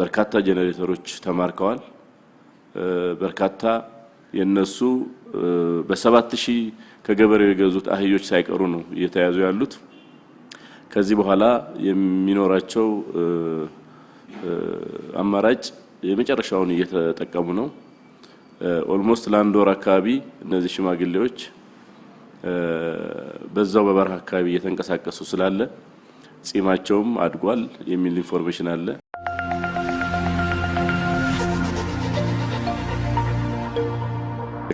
በርካታ ጄኔሬተሮች ተማርከዋል። በርካታ የነሱ በሰባት ሺህ ከገበሬው የገዙት አህዮች ሳይቀሩ ነው እየተያዙ ያሉት። ከዚህ በኋላ የሚኖራቸው አማራጭ የመጨረሻውን እየተጠቀሙ ነው። ኦልሞስት ለአንድ ወር አካባቢ እነዚህ ሽማግሌዎች በዛው በበረሃ አካባቢ እየተንቀሳቀሱ ስላለ ጺማቸውም አድጓል የሚል ኢንፎርሜሽን አለ።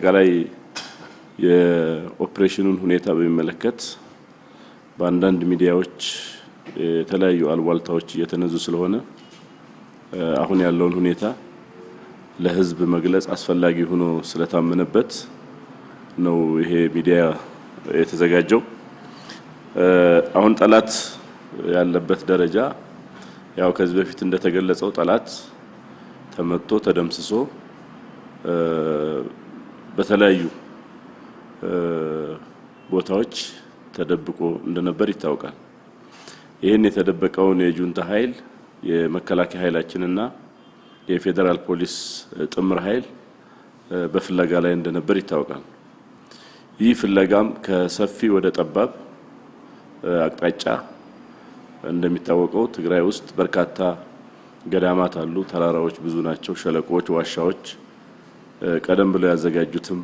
አጠቃላይ የኦፕሬሽኑን ሁኔታ በሚመለከት በአንዳንድ ሚዲያዎች የተለያዩ አልዋልታዎች እየተነዙ ስለሆነ አሁን ያለውን ሁኔታ ለሕዝብ መግለጽ አስፈላጊ ሆኖ ስለታመነበት ነው ይሄ ሚዲያ የተዘጋጀው። አሁን ጠላት ያለበት ደረጃ ያው ከዚህ በፊት እንደተገለጸው ጠላት ተመቶ ተደምስሶ በተለያዩ ቦታዎች ተደብቆ እንደነበር ይታወቃል። ይህን የተደበቀውን የጁንታ ኃይል የመከላከያ ኃይላችንና የፌዴራል ፖሊስ ጥምር ኃይል በፍለጋ ላይ እንደነበር ይታወቃል። ይህ ፍለጋም ከሰፊ ወደ ጠባብ አቅጣጫ እንደሚታወቀው ትግራይ ውስጥ በርካታ ገዳማት አሉ። ተራራዎች ብዙ ናቸው። ሸለቆዎች፣ ዋሻዎች ቀደም ብለው ያዘጋጁትም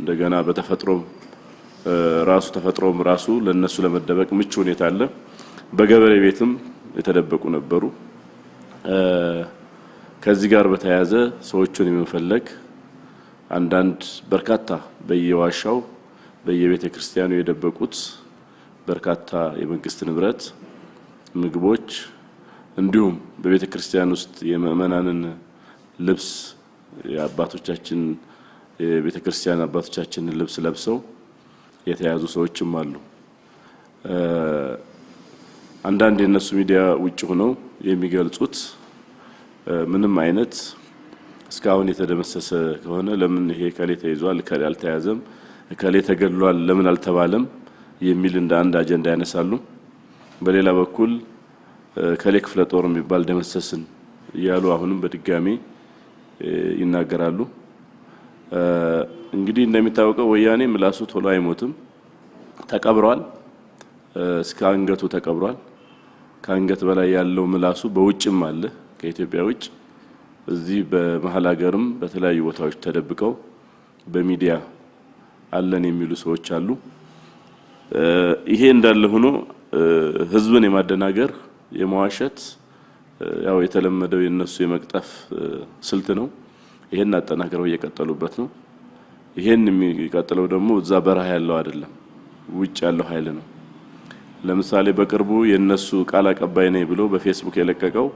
እንደገና በተፈጥሮም ራሱ ተፈጥሮም ራሱ ለነሱ ለመደበቅ ምቹ ሁኔታ አለ። በገበሬ ቤትም የተደበቁ ነበሩ። ከዚህ ጋር በተያያዘ ሰዎቹን የመፈለግ አንዳንድ በርካታ በየዋሻው በየቤተ ክርስቲያኑ የደበቁት በርካታ የመንግስት ንብረት ምግቦች፣ እንዲሁም በቤተ ክርስቲያን ውስጥ የምእመናንን ልብስ የአባቶቻችን የቤተ ክርስቲያን አባቶቻችንን ልብስ ለብሰው የተያዙ ሰዎችም አሉ። አንዳንድ የነሱ ሚዲያ ውጭ ሆነው የሚገልጹት ምንም አይነት እስካሁን የተደመሰሰ ከሆነ ለምን ይሄ እከሌ ተይዟል፣ እከሌ አልተያዘም፣ እከሌ ተገድሏል፣ ለምን አልተባለም የሚል እንደ አንድ አጀንዳ ያነሳሉ። በሌላ በኩል እከሌ ክፍለ ጦር የሚባል ደመሰስን እያሉ አሁንም በድጋሜ ይናገራሉ። እንግዲህ እንደሚታወቀው ወያኔ ምላሱ ቶሎ አይሞትም። ተቀብሯል፣ እስከ አንገቱ ተቀብሯል። ከአንገት በላይ ያለው ምላሱ በውጭም አለ፣ ከኢትዮጵያ ውጭ እዚህ በመሀል ሀገርም በተለያዩ ቦታዎች ተደብቀው በሚዲያ አለን የሚሉ ሰዎች አሉ። ይሄ እንዳለ ሆኖ ህዝብን የማደናገር የመዋሸት ያው የተለመደው የነሱ የመቅጠፍ ስልት ነው። ይሄን አጠናክረው እየቀጠሉበት ነው። ይሄን የሚቀጥለው ደግሞ እዛ በረሃ ያለው አይደለም፣ ውጭ ያለው ኃይል ነው። ለምሳሌ በቅርቡ የነሱ ቃል አቀባይ ነኝ ብሎ በፌስቡክ የለቀቀው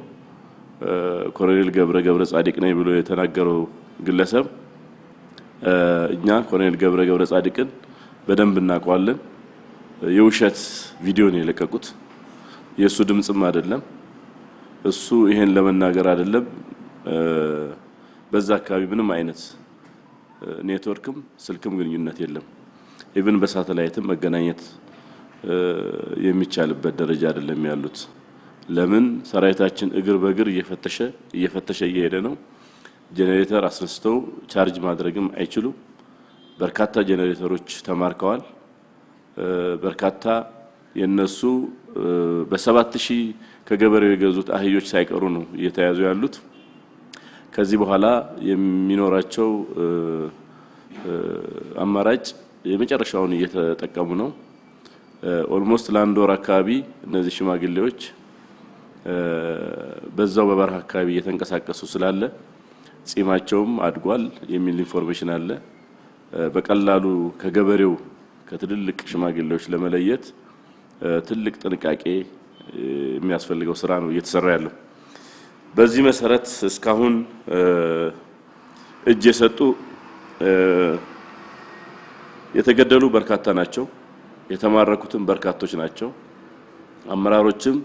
ኮሎኔል ገብረ ገብረ ጻዲቅ ነኝ ብሎ የተናገረው ግለሰብ እኛ ኮሎኔል ገብረ ገብረ ጻዲቅን በደንብ እናውቀዋለን። የውሸት ቪዲዮ ነው የለቀቁት። የእሱ ድምፅም አይደለም። እሱ ይሄን ለመናገር አይደለም። በዛ አካባቢ ምንም አይነት ኔትወርክም ስልክም ግንኙነት የለም። ኢቭን በሳተላይትም መገናኘት የሚቻልበት ደረጃ አይደለም ያሉት። ለምን ሰራዊታችን እግር በእግር እየፈተሸ እየፈተሸ እየሄደ ነው። ጄኔሬተር አስነስተው ቻርጅ ማድረግም አይችሉም። በርካታ ጄኔሬተሮች ተማርከዋል። በርካታ የነሱ በሰባት ሺህ ከገበሬው የገዙት አህዮች ሳይቀሩ ነው እየተያዙ ያሉት። ከዚህ በኋላ የሚኖራቸው አማራጭ የመጨረሻውን እየተጠቀሙ ነው። ኦልሞስት ለአንድ ወር አካባቢ እነዚህ ሽማግሌዎች በዛው በበረሃ አካባቢ እየተንቀሳቀሱ ስላለ ጺማቸውም አድጓል የሚል ኢንፎርሜሽን አለ። በቀላሉ ከገበሬው ከትልልቅ ሽማግሌዎች ለመለየት ትልቅ ጥንቃቄ የሚያስፈልገው ስራ ነው እየተሰራ ያለው። በዚህ መሰረት እስካሁን እጅ የሰጡ የተገደሉ በርካታ ናቸው። የተማረኩትም በርካቶች ናቸው። አመራሮችም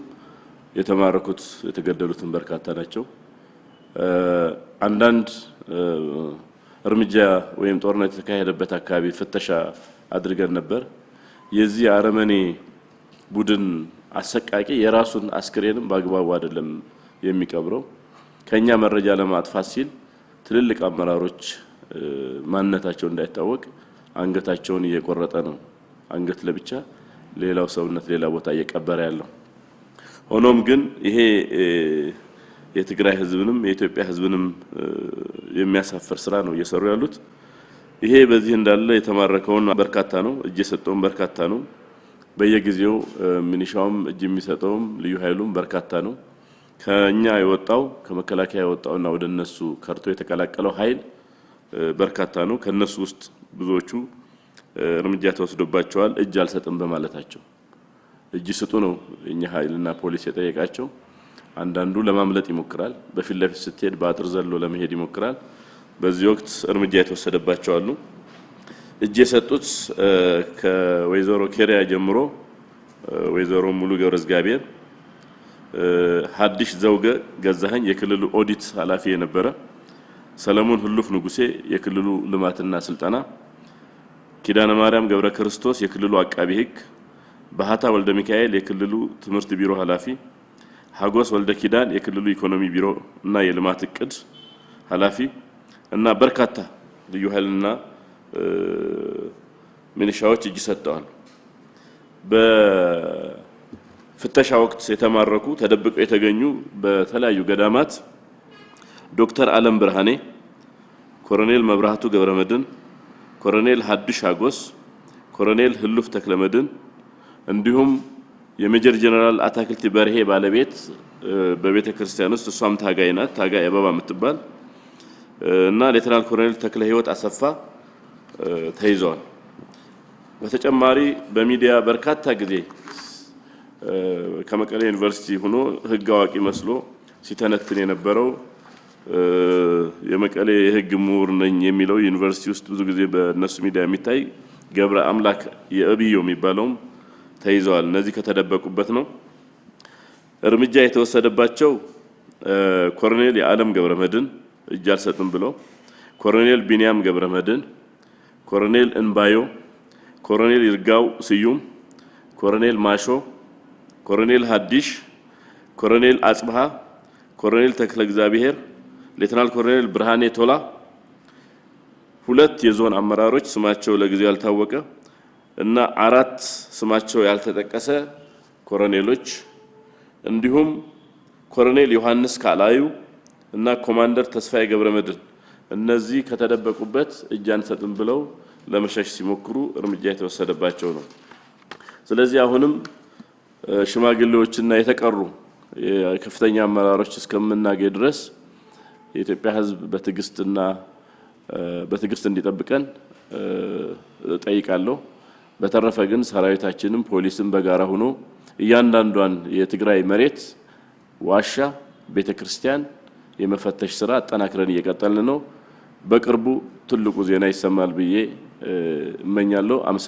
የተማረኩት የተገደሉትም በርካታ ናቸው። አንዳንድ እርምጃ ወይም ጦርነት የተካሄደበት አካባቢ ፍተሻ አድርገን ነበር። የዚህ አረመኔ ቡድን አሰቃቂ የራሱን አስክሬንም በአግባቡ አይደለም የሚቀብረው። ከኛ መረጃ ለማጥፋት ሲል ትልልቅ አመራሮች ማንነታቸው እንዳይታወቅ አንገታቸውን እየቆረጠ ነው። አንገት ለብቻ ሌላው ሰውነት ሌላ ቦታ እየቀበረ ያለው። ሆኖም ግን ይሄ የትግራይ ህዝብንም የኢትዮጵያ ህዝብንም የሚያሳፍር ስራ ነው እየሰሩ ያሉት። ይሄ በዚህ እንዳለ የተማረከውን በርካታ ነው፣ እጅ የሰጠውን በርካታ ነው። በየጊዜው ሚኒሻውም እጅ የሚሰጠውም ልዩ ኃይሉም በርካታ ነው። ከኛ የወጣው ከመከላከያ የወጣውና ወደ እነሱ ከርቶ የተቀላቀለው ኃይል በርካታ ነው። ከእነሱ ውስጥ ብዙዎቹ እርምጃ ተወስዶባቸዋል። እጅ አልሰጥም በማለታቸው እጅ ስጡ ነው እኛ ኃይልና ፖሊስ የጠየቃቸው። አንዳንዱ ለማምለጥ ይሞክራል። በፊት ለፊት ስትሄድ በአጥር ዘሎ ለመሄድ ይሞክራል። በዚህ ወቅት እርምጃ የተወሰደባቸው አሉ። እጅ የሰጡት ከወይዘሮ ኬሪያ ጀምሮ ወይዘሮ ሙሉ ገብረእግዚአብሔር፣ ሀዲሽ ዘውገ ገዛኸኝ የክልሉ ኦዲት ኃላፊ የነበረ፣ ሰለሞን ህሉፍ ንጉሴ የክልሉ ልማትና ስልጠና፣ ኪዳነ ማርያም ገብረ ክርስቶስ የክልሉ አቃቢ ህግ፣ ባህታ ወልደ ሚካኤል የክልሉ ትምህርት ቢሮ ኃላፊ፣ ሀጎስ ወልደ ኪዳን የክልሉ ኢኮኖሚ ቢሮ እና የልማት እቅድ ኃላፊ እና በርካታ ልዩ ኃይልና ሚሊሻዎች እጅ ሰጠዋል። በፍተሻ ወቅት የተማረኩ ተደብቀው የተገኙ በተለያዩ ገዳማት ዶክተር አለም ብርሃኔ፣ ኮሎኔል መብራህቱ ገብረመድን፣ ኮሎኔል ሀዱሽ አጎስ፣ ኮሎኔል ህሉፍ ተክለመድን እንዲሁም የሜጀር ጀነራል አታክልቲ በርሄ ባለቤት በቤተ ክርስቲያን ውስጥ እሷም ታጋይ ናት፣ ታጋይ አበባ የምትባል እና ሌተናል ኮሎኔል ተክለ ህይወት አሰፋ ተይዘዋል። በተጨማሪ በሚዲያ በርካታ ጊዜ ከመቀሌ ዩኒቨርሲቲ ሆኖ ሕግ አዋቂ መስሎ ሲተነትን የነበረው የመቀሌ የሕግ ምሁር ነኝ የሚለው ዩኒቨርሲቲ ውስጥ ብዙ ጊዜ በእነሱ ሚዲያ የሚታይ ገብረ አምላክ የእብዮ የሚባለውም ተይዘዋል። እነዚህ ከተደበቁበት ነው። እርምጃ የተወሰደባቸው ኮሎኔል የዓለም ገብረ መድን እጅ አልሰጥም ብለው ኮሎኔል ቢንያም ገብረ መድን ኮሎኔል እንባዮ፣ ኮሎኔል ይርጋው ስዩም፣ ኮሎኔል ማሾ፣ ኮሎኔል ሀዲሽ፣ ኮሎኔል አጽብሃ፣ ኮሎኔል ተክለ እግዚአብሔር፣ ሌተናል ኮሎኔል ብርሃኔ ቶላ ሁለት የዞን አመራሮች ስማቸው ለጊዜው ያልታወቀ እና አራት ስማቸው ያልተጠቀሰ ኮሎኔሎች እንዲሁም ኮሎኔል ዮሐንስ ካላዩ እና ኮማንደር ተስፋዬ ገብረመድህን እነዚህ ከተደበቁበት እጅ አንሰጥም ብለው ለመሸሽ ሲሞክሩ እርምጃ የተወሰደባቸው ነው። ስለዚህ አሁንም ሽማግሌዎችና የተቀሩ ከፍተኛ አመራሮች እስከምናገኝ ድረስ የኢትዮጵያ ሕዝብ በትዕግስትና በትዕግስት እንዲጠብቀን ጠይቃለሁ። በተረፈ ግን ሰራዊታችንም ፖሊስም በጋራ ሆኖ እያንዳንዷን የትግራይ መሬት፣ ዋሻ፣ ቤተ ክርስቲያን የመፈተሽ ስራ አጠናክረን እየቀጠልን ነው። በቅርቡ ትልቁ ዜና ይሰማል ብዬ እመኛለሁ። አመሰግናለሁ።